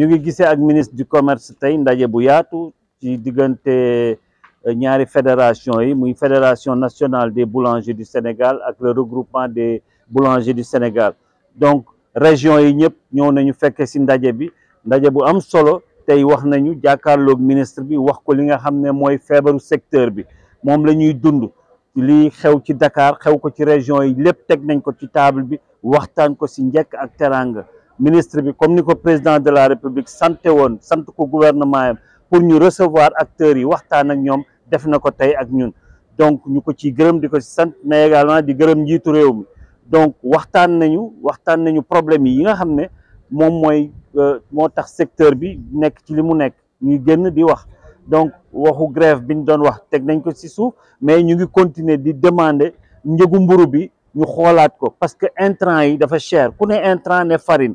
ñu ngi gisee ak ministre du commerce tey ndaje bu yaatu ci diggante euh, ñaari fédération yi muy fédération nationale des boulangers du Sénégal ak le regroupement des boulangers du Sénégal donc région yi ñëpp ñëw nañu fekke ci ndaje bi ndaje bu am solo tey wax nañu jàkkaarloog ministre bi wax ko li nga xam ne mooy feebaru secteur bi moom la ñuy dund lii xew ci Dakar xew ko ci région yi lépp teg nañ ko ci table bi waxtaan ko ci njëkk ak terang ministre bi comme ni ko président de la république sante woon sant ko gouvernement yam pour ñu recevoir acteur yi waxtaan ak ñoom def na ko tey ak ñun donc ñu ko ci gërëm di ko ci sant mais également di gërëm njiitu réew mi donc waxtaan nañu waxtaan nañu problème yi yi nga xam ne moom mooy euh, moo tax secteur bi nekk ci li mu nekk ñuy génn di wax donc waxu grève bi ñu doon wax teg nañ ko ci suuf mais ñu ngi continuer di demander njëgu mburu bi ñu xoolaat ko parce que intrant yi dafa cher ku ne intrant ne farine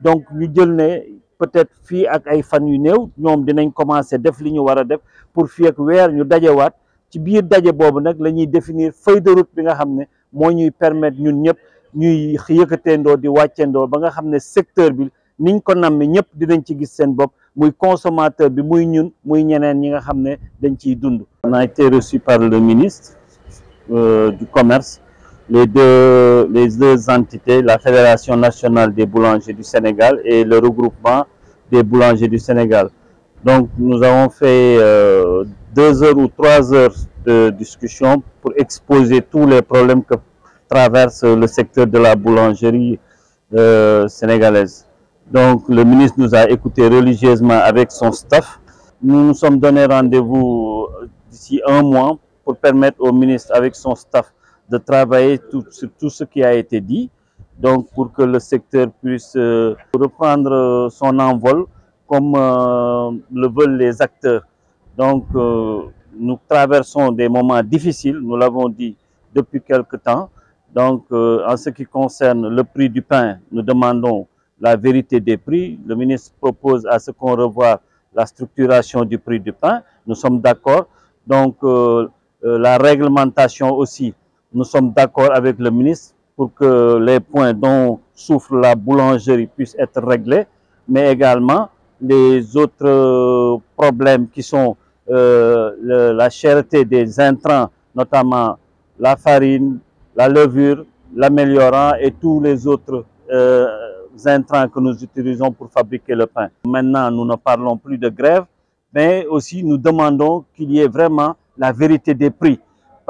donc ñu jël né peut-être fi ak ay fan yu néew ñom dinañ commencer def li ñu wara def pour fi ak wër ñu dajé dajewaat ci biir dajé bobu nak lañuy définir feuille de route bi nga xamné mo ñuy permettre ñun ñëpp ñuy yëkkateendoo di wàcceendoo ba nga xamné secteur bi niñ ko namme ñëpp dinañ ci gis sen bopp muy consommateur bi muy ñun muy ñeneen ñi nga xamné dañ ci dund. On a été reçu par le ministre euh, du commerce les deux, les entités, la Fédération nationale des boulangers du Sénégal et le regroupement des boulangers du Sénégal. Donc nous avons fait euh, deux heures ou trois heures de discussion pour exposer tous les problèmes que traverse le secteur de la boulangerie euh, sénégalaise. Donc le ministre nous a écoutés religieusement avec son staff. Nous nous sommes donné rendez-vous euh, d'ici un mois pour permettre au ministre avec son staff de travailler tout, sur tout ce qui a été dit, donc pour que le secteur puisse euh, reprendre euh, son envol comme euh, le veulent les acteurs. Donc nous traversons des moments difficiles, nous l'avons dit depuis quelque temps. Donc en ce qui concerne le prix du pain, nous demandons la vérité des prix. Le ministre propose à ce qu'on revoie la structuration du prix du pain. Nous sommes d'accord. Donc, la réglementation aussi nous sommes d'accord avec le ministre pour que les points dont souffre la boulangerie puissent être réglés, mais également les autres euh, problèmes qui sont euh, la cherté des intrants, notamment la farine, la levure, l'améliorant et tous les autres euh, intrants que nous utilisons pour fabriquer le pain. Maintenant, nous ne parlons plus de grève, mais aussi nous demandons qu'il y ait vraiment la vérité des prix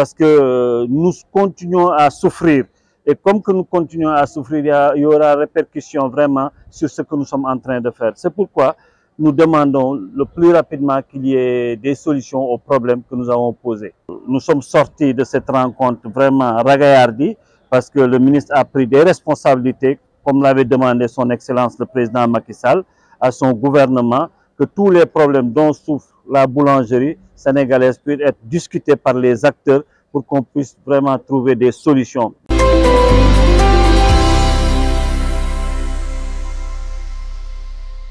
parce que euh, nous continuons à souffrir. Et comme que nous continuons à souffrir, il y, aura répercussions vraiment sur ce que nous sommes en train de faire. C'est pourquoi nous demandons le plus rapidement qu'il y ait des solutions aux problèmes que nous avons posés. Nous sommes sortis de cette rencontre vraiment ragaillardis parce que le ministre a pris des responsabilités, comme l'avait demandé son Excellence le Président Macky Sall à son gouvernement, que tous les problèmes dont souffrent la boulangerie sénégalaise puisse être discutée par les acteurs pour qu'on puisse vraiment trouver des solutions.